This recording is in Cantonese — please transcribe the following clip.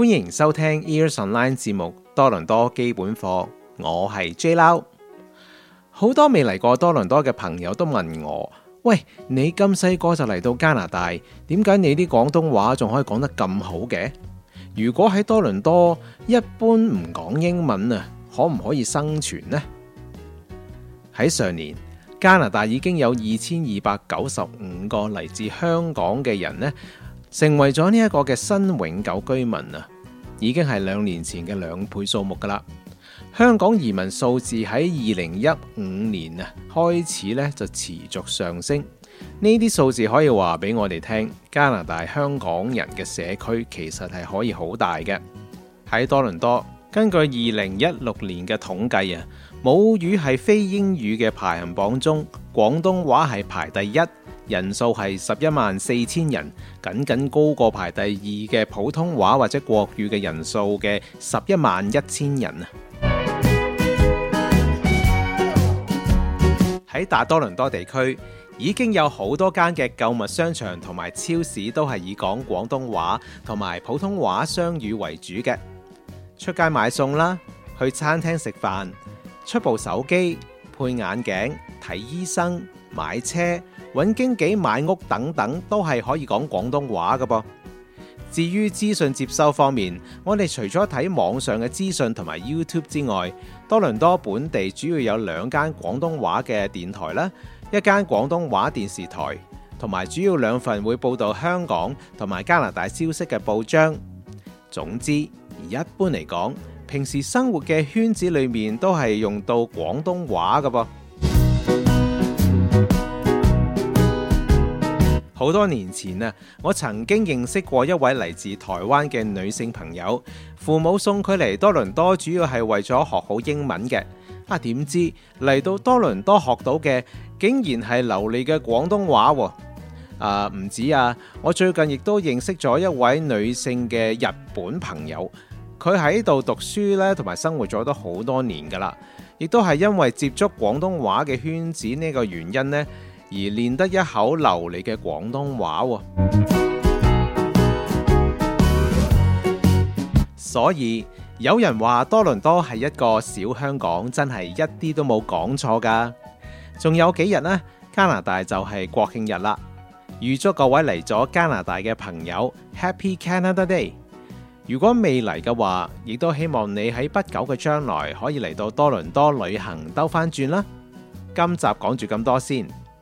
歡迎收聽 EarsOnline 節目多倫多基本課，我係 J Lau。好多未嚟過多倫多嘅朋友都問我：喂，你咁細個就嚟到加拿大，點解你啲廣東話仲可以講得咁好嘅？如果喺多倫多一般唔講英文啊，可唔可以生存呢？喺上年，加拿大已經有二千二百九十五個嚟自香港嘅人呢，成為咗呢一個嘅新永久居民啊，已經係兩年前嘅兩倍數目噶啦。香港移民數字喺二零一五年啊開始咧就持續上升，呢啲數字可以話俾我哋聽，加拿大香港人嘅社區其實係可以好大嘅。喺多倫多，根據二零一六年嘅統計啊，母語係非英語嘅排行榜中，廣東話係排第一。人數係十一萬四千人，僅僅高過排第二嘅普通話或者國語嘅人數嘅十一萬一千人啊！喺大多倫多地區，已經有好多間嘅購物商場同埋超市都係以講廣東話同埋普通話雙語為主嘅。出街買餸啦，去餐廳食飯，出部手機，配眼鏡。睇醫生、買車、揾經紀、買屋等等，都係可以講廣東話㗎噃。至於資訊接收方面，我哋除咗睇網上嘅資訊同埋 YouTube 之外，多倫多本地主要有兩間廣東話嘅電台啦，一間廣東話電視台，同埋主要兩份會報道香港同埋加拿大消息嘅報章。總之，一般嚟講，平時生活嘅圈子裏面都係用到廣東話㗎噃。好多年前啊，我曾經認識過一位嚟自台灣嘅女性朋友，父母送佢嚟多倫多，主要係為咗學好英文嘅。啊，點知嚟到多倫多學到嘅竟然係流利嘅廣東話。啊，唔止啊，我最近亦都認識咗一位女性嘅日本朋友，佢喺度讀書咧，同埋生活咗都好多年㗎喇，亦都係因為接觸廣東話嘅圈子呢個原因呢，而練得一口流利嘅廣東話喎、哦，所以有人話多倫多係一個小香港，真係一啲都冇講錯㗎。仲有幾日呢，加拿大就係國慶日啦。預祝各位嚟咗加拿大嘅朋友 Happy Canada Day！如果未嚟嘅話，亦都希望你喺不久嘅將來可以嚟到多倫多旅行兜返轉啦。今集講住咁多先。